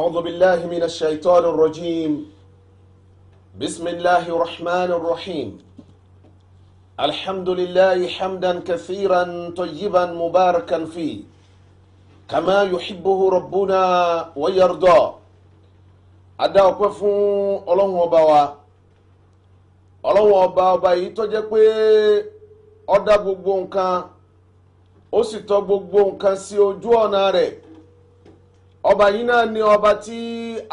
أعوذ بالله من الشيطان الرجيم بسم الله الرحمن الرحيم الحمد لله حمدا كثيرا طيبا مباركا فيه كما يحبه ربنا ويرضى adá ọpẹ́ fún ọlọ́run ọba wa ọlọ́run ọba ọba yìí tó jẹ́ pé ó dá ọba yìí náà ni ọba tí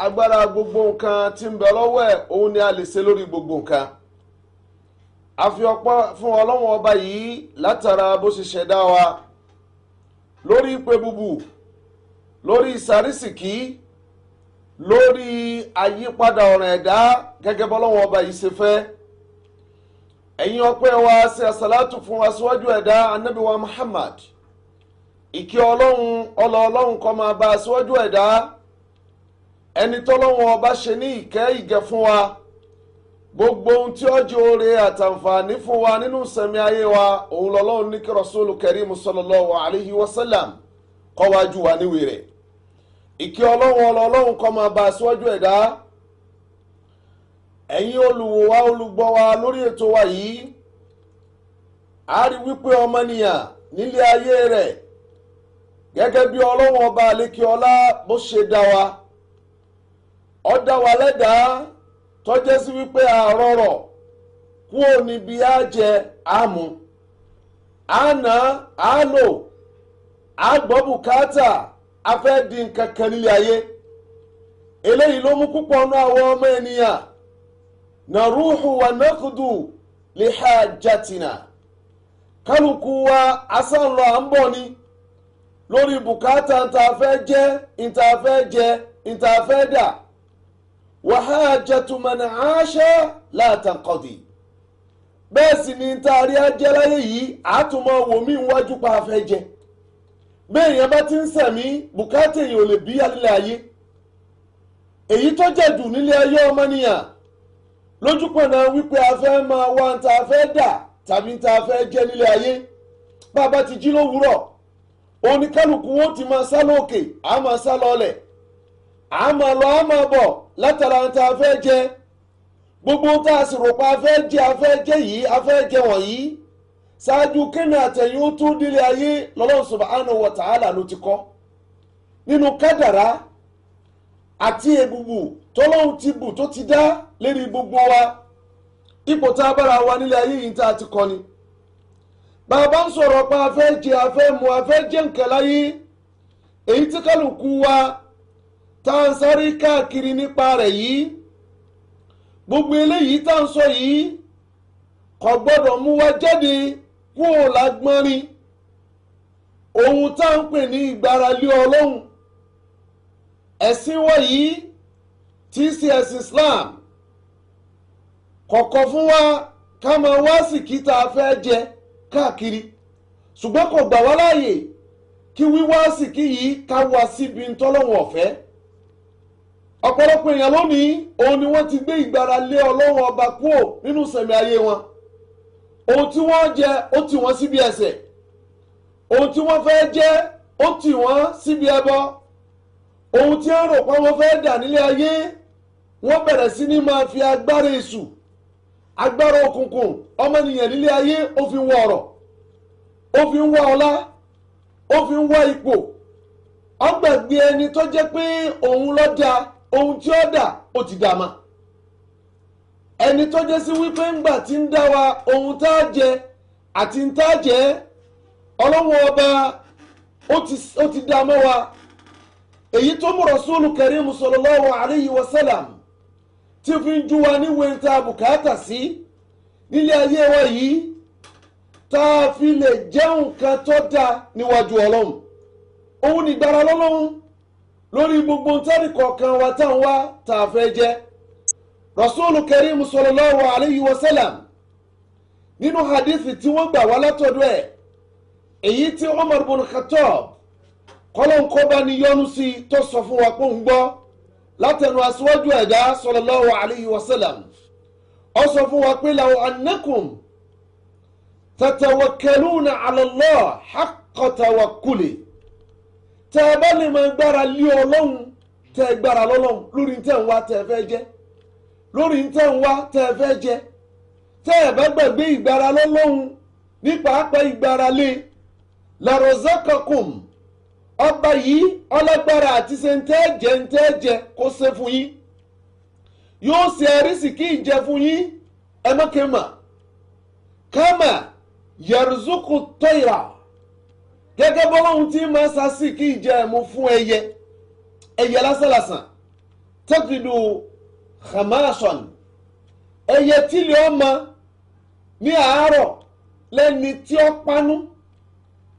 agbára gbogbo nǹkan ti ń bẹ lọ́wọ́ ẹ̀ òun ni a lè ṣe lórí gbogbo nǹkan a fi ọpọ fún ọlọ́wọ́n ọba yìí látara bó ṣe ṣẹ̀dá wa lórí ìpè lori lórí ìsàrísìkí lórí àyípadà ọ̀ràn ẹ̀dá gẹ́gẹ́ bọ́lọ́wọ́n ọba yìí ṣe fẹ́ ẹ̀yin wa ṣe àṣàlátù fún aṣíwájú ẹ̀dá anábìwá Muhammad. ike ọlọ́run ọlọ ọlọ́run kó máa bá aṣíwájú ẹ̀dá ẹni tọ́lọ́run ọba ṣe ní ìkẹ́ ìgẹ̀ fún wa gbogbo ohun tí ó jẹ́ oore àtàǹfààní fún wa nínú sẹ̀mí ayé wa òun lọ́lọ́run ní kí Rasulu Karim sallallahu alayhi wa sallam kó wá jù níwèé rẹ̀ Ike ọlọ́run ọlọ ọlọ́run kó máa bá aṣíwájú ẹ̀dá ẹ̀yin olùwò wa olùgbọ́ wa lórí ètò wa yìí a rí wípé ọmọnìyàn nílé ayé rẹ̀ gẹ́gẹ́ bí ọba àlékiọlá bó ṣe dá wa ọ dá wa lẹ́dàá tọ́jẹ́ sí wípé àrọ́rọ̀ kúò níbi á jẹ àmú àná àlò àgbọ́ afẹ́ di nǹkan kan nílé ayé eléyìí ló mú púpọ̀ nú àwọn ọmọ ènìyàn nàrúhù wà nàkùdù lè ha jàtìnà ni. lórí bùkátà tá a fẹ́ jẹ́ ìta fẹ́ jẹ ìta fẹ́ dà wahajatu man aasha la tanqadi bẹ́ẹ̀ sì ni tá a rí ajẹ́ láyé yìí àtúmọ̀ wòmí wájú pa afẹ́ jẹ bẹ́ẹ̀ yẹn bá ti ń sẹ̀mí bùkátà èèyàn ò lè bí alẹ́ ayé èyí tó jẹ́ dùn nílé ayé ọmọnìyàn lójúpọ̀nà wípé a máa wá ń dà tàbí ń jẹ́ nílé ayé bá a bá ti jí lówùúrọ̀ oníkálukú wọn ti máa sá lókè á máa sá lọlẹ̀ á máa lọ á máa bọ̀ látara tá a fẹ́ jẹ gbogbo tá a sì rò pé a fẹ́ jẹ a fẹ́ jẹ yìí a fẹ́ jẹ wọ̀nyí ṣáájú kéènì àtẹ̀yìn ó délé ayé ta'ala ló ti kọ́ nínú kádàrá àti èbùbù ti bù bàbá ń sọ̀rọ̀ pa afẹ́ jẹ afẹ́ mu afẹ́ jẹ nǹkan láyé èyí tí kálukú wa tá à ń sáré káàkiri nípa rẹ̀ yìí gbogbo eléyìí tá à ń sọ yìí kò gbọ́dọ̀ mú wa jáde kúrò lágbọ́nrin ohun tá à ń pè ní ìgbáralé ọlọ́run ẹ̀sìn wa tí í ṣe ẹ̀sìn Islam kọ̀ọ̀kan fún wa ká máa wá sí kí tá a káàkiri ṣùgbọ́n kò gbà wá láàyè kí wíwá àsìkí yìí ká wá síbi ntọ́lọ́wọ̀n ọ̀fẹ́ ọ̀pọ̀lọpọ̀ èèyàn lónìí òun ni wọ́n ti gbé ìgbára lé ọlọ́wọ̀n ọba kúò nínú sẹ̀mí ayé wọn ohun tí wọ́n jẹ ó tì wọ́n síbi ẹ̀ṣẹ̀ ohun tí wọ́n fẹ́ jẹ ó tì wọ́n síbi ẹbọ ohun tí wọ́n rò pé wọ́n fẹ́ dà nílé ayé wọ́n bẹ̀rẹ̀ sí ní máa fi agbára èṣù agbára òkùnkùn ọmọnìyàn nílé ayé ó fi ń wá ọrọ̀ fi ń wá ọlá ó fi ń wá ipò ó gbàgbé ẹni tó pe pé òun dá ohun tí ó dá ó ti dá ma ẹni tó jẹ́ sí wípé ńgbà tí ń dá wa ohun tá a jẹ àti ń tá a jẹ ọlọ́wọ́n ọba ó ti dá mọ́ wa èyí tó mú Rasulu Karim sallallahu alayhi wa tí fi ń jú wa níwèé tá a bùkátà sí nílé ayé wa yìí tá a fi lè jẹ́ nǹkan tó dáa níwájú ọlọ́run òun nìgbára lọ́lọ́run lórí gbogbo ntẹ́rì kọ̀ọ̀kan wa tá à ń wá tá a fẹ́ jẹ́ rasulu karim sallallahu alayhi wa sallam nínú hadithi tí wọ́n gbà wá látọ̀dọ̀ ẹ̀ èyí tí umar bin khattab ni yọ́nú sí tó sọ fún wa pé ń gbọ́ látẹnu aṣíwájú ẹ̀dá sallallahu alayhi wa sallam ó sọ fún wa pé law annakum tatawakkaluna ala Allah haqqa tawakkuli tẹ́ ẹ bá lè máa gbára lé ọlọ́run tẹ́ ẹ gbára lọ́lọ́run lórí tẹ́ ń wá tẹ́ ẹ fẹ́ jẹ́ lórí tẹ́ ń wá tẹ́ ẹ fẹ́ jẹ́ tẹ́ ẹ bá gbàgbé ìgbára lọ́lọ́run nípa àpẹ ìgbára lé la ọba yìí ọlọ́gbára àti sentẹ́ẹ̀jẹ ntẹ́ẹ̀jẹ kó ṣe fún yín yóò ṣe ẹrísìkí ìjẹ fún yín ẹmọkẹmà kama yẹrùzùkù tọ́yà gẹ́gẹ́ bọ́lọ́hún tí máa ṣàṣìkí ìjẹ ẹ̀mú fún ẹyẹ ẹyẹ lásánlàsàn tẹ́kìlù hamason ẹyẹ tí lè ọmọ ní àárọ̀ lẹ́ni tí ó panú.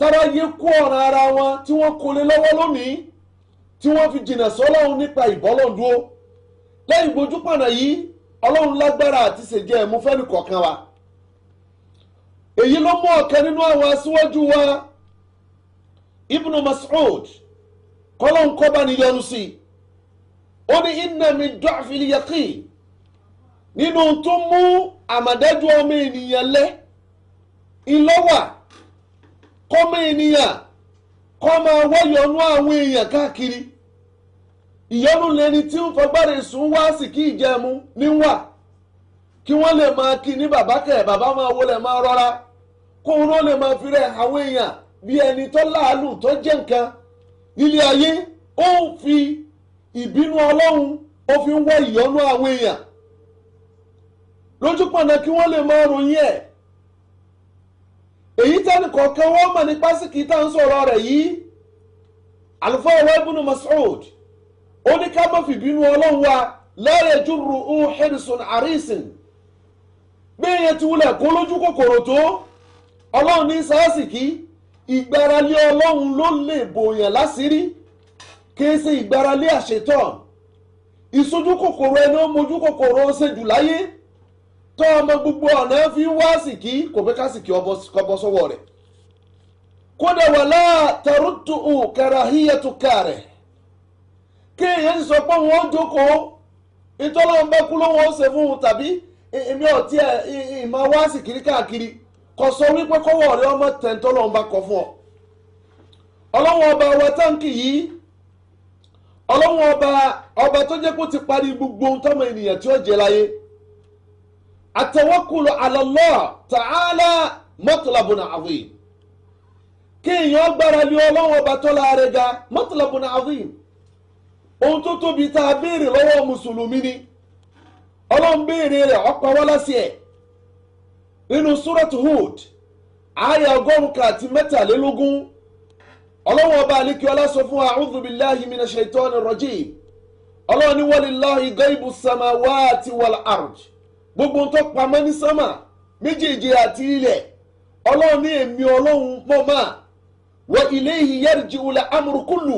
tára yé kó ọ̀ràn ara wọn tí wọ́n kólé lọ́wọ́ lónìí tí wọ́n fi jìnnà sọ́lọ́run nípa ìbọ́lọ́dúró lẹ́yìn gbojúpọ̀nà yìí ọlọ́run lágbára àti ṣèjẹ́ ẹ̀mú fẹ́ni kọ̀ọ̀kan wa èyí ló mú ọ̀kan nínú àwọn aṣíwájú wa ibnu mas'ud kọ́lọ́hún kọ́ba níyọnu sí i ó ní inna min du'fil nínú tó mú àmàdájú ọmọ ènìyàn lẹ́ ìlọ́wà kọ́mọ ènìyàn kọ́mọ wọ́yọ̀nú àwọn èèyàn káàkiri ìyọnu lẹni tí ń fọgbáre sùn wá sí kí ìjẹmu níwà kí wọ́n lè máa kí ní bàbá kẹ̀ bàbá máa wọlé máa rọra kó wọn lè máa fi rẹ àwọn èèyàn bí ẹni tó láàlù tó jẹ́ nǹkan nílé ayé ó ń fi ìbínú ọlọ́run ó fi ń wá ìyọnu àwọn èèyàn lójúpọ̀nà kí wọ́n lè máa ròyìn ẹ̀ èyí tẹ́ni kọ̀ọ̀kan wọ́n mọ̀ ní pásíkì tá à ń sọ̀rọ̀ rẹ̀ yìí àlùfáà ọ̀rọ̀ ibùnú Mas'ud ó ní ká má fìbínú ọlọ́run wa lẹ́rẹ̀ júrù ń hẹ́rìsùn àrísìn gbé yẹn ti wulẹ̀ kó lójú kòkòrò tó ọlọ́run ní sásìkí ìgbáralé ọlọ́run ló lè bòyàn láṣìírí kìí ṣe ìgbáralé àṣetọ̀ ìsojú kòkòrò ẹni ó mojú kòkòrò ó ṣe jù láyé tó ọmọ gbogbo ọ̀nà fi wá sìkì kò fẹ́ ká sìkì ọbọ̀ sọ́wọ́ rẹ̀ kódà wà láà tẹrùtù karahiyatu kare kéèyàn sọ pé wọ́n jókòó ìtọ́lọ́mbà kú ló wọ́n ṣe fún un tàbí èmi ọ̀tí ẹ̀ ìmọ̀ wá sìkì káàkiri kò sọ wípé kọ́wọ́ rẹ̀ ọmọ tẹ̀ntọ́lọ́mbà kọ fún ọ ọlọ́wọ́n ọba wa táǹkì yìí ọlọ́wọ́n ọba ọba tó jẹ́ kó ti parí gbogbo ohun tọ́mọ ènìyàn tí ó jẹ láyé àtẹwọ́kùlù àlọ́lọ́ tààlà mọ́tòlábùnà àwìn kéèyàn gbára lé ọlọ́wọ́ ọba tọ́lá rẹ̀ ga mọ́tòlábùnà àwìn ohun tó tóbi tá a béèrè lọ́wọ́ mùsùlùmí ni ọlọ́run béèrè rẹ̀ ọ̀pọ̀ wọ́lá sí ẹ̀ nínú surat Hud àyà ọgọ́rùn-ún kan àti mẹ́tàlélógún ọlọ́run ọba àlékiọlá sọ fún a'udhu billahi minash shaitani rajim ọlọ́run ní walillahi ghaibu samawati wal ard. gbogbo tó pamọ́ ní sánmà méjèèjì àti ilẹ̀ ọlọ́run ní èmi ọlọ́run mọ̀ máa wọ ilé ìyẹ́rìjì ulẹ̀ amúrúkúlù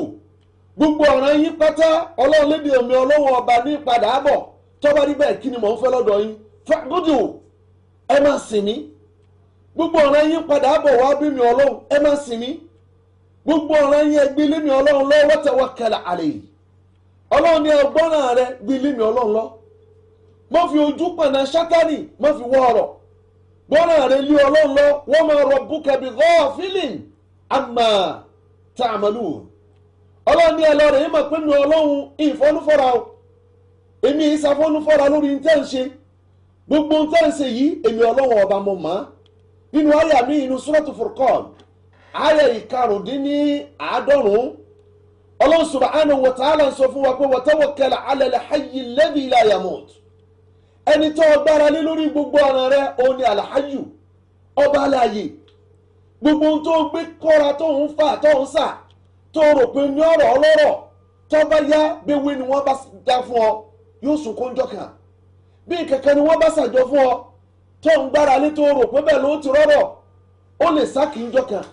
gbogbo ọ̀ràn yín pátá ọlọ́run lébi èmi ọlọ́run ọba ní bẹ́ẹ̀ kí ni mò ń gbogbo ọ̀ràn yín padà bọ̀ wá bí mi ọlọ́run ẹ mí gbogbo ọ̀ràn yín ẹgbẹ́ ọlọ́run lọ́wọ́ tẹ̀wọ́ kẹlẹ̀ àlè ọlọ́run ẹgbọ́n má fi ojú pọ̀nà sátani má fi wọ́ ọ̀rọ̀ gbọ́nà rẹ lé ọlọ́run lọ wọ́n máa rọ búkẹ́bí ghafilin àmà tààmàlù ọlọ́run ní ẹlọ́rẹ̀ yìí máa pinnu ọlọ́run ìfọ́nufọ́ra o èmi ìsàfọ́nufọ́ra lórí ntẹ́ ń ṣe gbogbo ntẹ́ ń ṣe yìí èmi ọlọ́run ọba mo mọ̀ nínú àyà mi inú sọ́ọ̀tù furqan àyà ìkarùndínní àádọ́rùn-ún ọlọ́run subhanahu wa ta'ala ń fún wa pé wa tawakkal ẹni tó gbára lé lórí gbogbo ọ̀ràn rẹ òun ni alhayu ọba aláàyè gbogbo ohun tó gbé kọ́ra tó ń fà tó ń sà tó rò pé ní ọ̀rọ̀ ọlọ́rọ̀ tó bá yá gbéwé ni wọ́n bá dá fún ọ yóò sùn kó ń jọ kàn bí kẹ̀kẹ́ ni wọ́n bá ṣàjọ fún ọ tó ń gbára lé tó rò pé bẹ́ẹ̀ ló ti rọ́rọ̀ ó lè sá kì í jọ kàn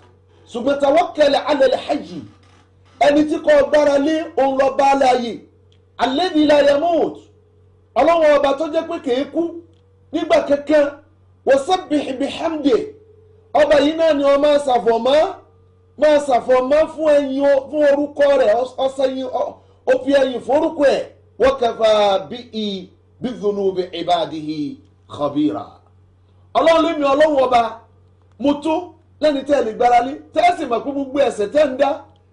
ṣùgbọ́n tawakkal ala alhayi ẹni tí kò gbára lé òun lọ bá aláàyè alladhi la yamut ọlọ́wọ́n ọba tó jẹ́ pé kìí kú nígbà kankan wasabbih bihamdi ọba yìí náà ni wọ́n máa ṣàfọ̀mọ́ máa ṣàfọ̀mọ́ fún ẹyin fún orúkọ rẹ̀ ẹyin forúkọ ẹ̀ kafa bihi ọlọ́run ọba mo tó lẹ́ni tẹ́ lè gbogbo tẹ́ ń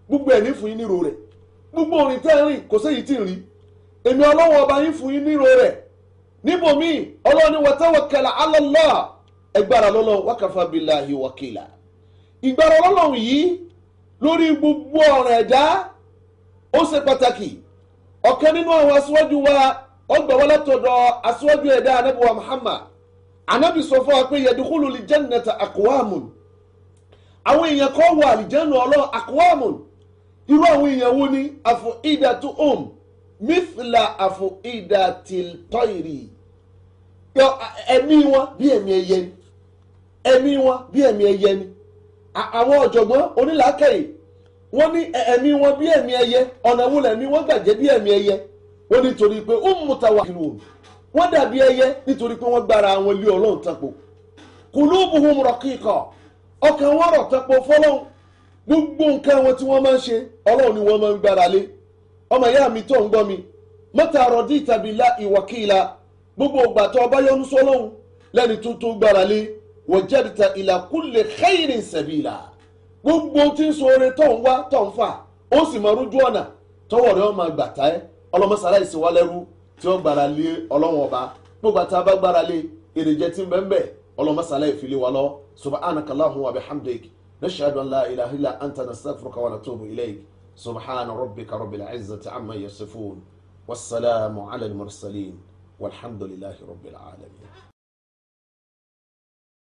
gbogbo ẹ̀ yín gbogbo kò èmi ọlọ́wọ́ ọba yín fún yín nírò rẹ̀ níbòmíì ọlọ́run ní wàtáwàkàlà alọ́lá ẹgbàrá lọ́lọ́run wákàfà billahi wàkìlà ìgbàrá ọlọ́run yìí lórí gbogbo ọ̀rọ̀ ẹ̀dá ó ṣe pàtàkì ọ̀kan nínú àwọn aṣíwájú wa ọgbà wa látọ̀dọ̀ aṣíwájú ẹ̀dá anábìwá Muhammad anábì sọ fún wa pé yẹdùkúlù lè jẹ́ nẹ̀ta àkúwàmùn àwọn èèyàn kan wà àlìjẹ́nu ọlọ́run àkúwàmùn irú àwọn èèyàn wo ni àfọ̀ ìdàtú òmù mithla afu'idatil tayri ẹ̀mí wọn bí ẹ̀mí ẹyẹ ni ẹ̀mí wọn bí ẹ̀mí ẹyẹ ni àwọn ọ̀jọ̀gbọ́n onílàákẹ́yì wọ́n ní ẹ̀mí wọn bí ẹ̀mí ẹyẹ ọ̀nà wo lẹ̀mí wọn gbàjẹ́ bí ẹ̀mí ẹyẹ wọ́n nítorí pé ó mú ta wà nínú òbí wọ́n dàbí ẹyẹ nítorí pé wọ́n gbára àwọn ilé ọlọ́run tapo kùlùbùhùn rọ̀kìkọ̀ ọkàn wọn rọ̀ tapo fọlọ́run gbogbo nǹkan wọn tí wọ́n máa ń ṣe ọlọ́run ni wọ́n máa ń gbára lé ọmọ ìyá mi tó ń gbọ́ mi mọ́tà àròdí ìtàbí la ìwàkìlà gbogbo ìgbà tó ọba yọ́nú sọ́lọ́hún lẹ́ni tuntun gbára lé wọ́jẹ́dìtà ìlàkúlẹ̀ khairin sabila gbogbo tí ń sọ̀rọ̀ tó ń wá tó ń fà ó sì máa rújú ọ̀nà tọwọ́ rẹ̀ ọmọ àgbàtà ẹ ọlọ́mọsàlá ìsìnwálẹ́rú tí ó gbára lé ọlọ́wọ́n ọba gbogbo àti abá gbára lé èrèjẹ tí ń bẹ́ẹ̀ bẹ́ẹ̀ ọlọ́mọsàlá ìfìlẹ̀ wa lọ subhanaka Allahumma wa bihamdik nashhadu an la anta nastaghfiruka wa natubu ilayk سبحان ربك رب العزة عما يصفون والسلام على المرسلين والحمد لله رب العالمين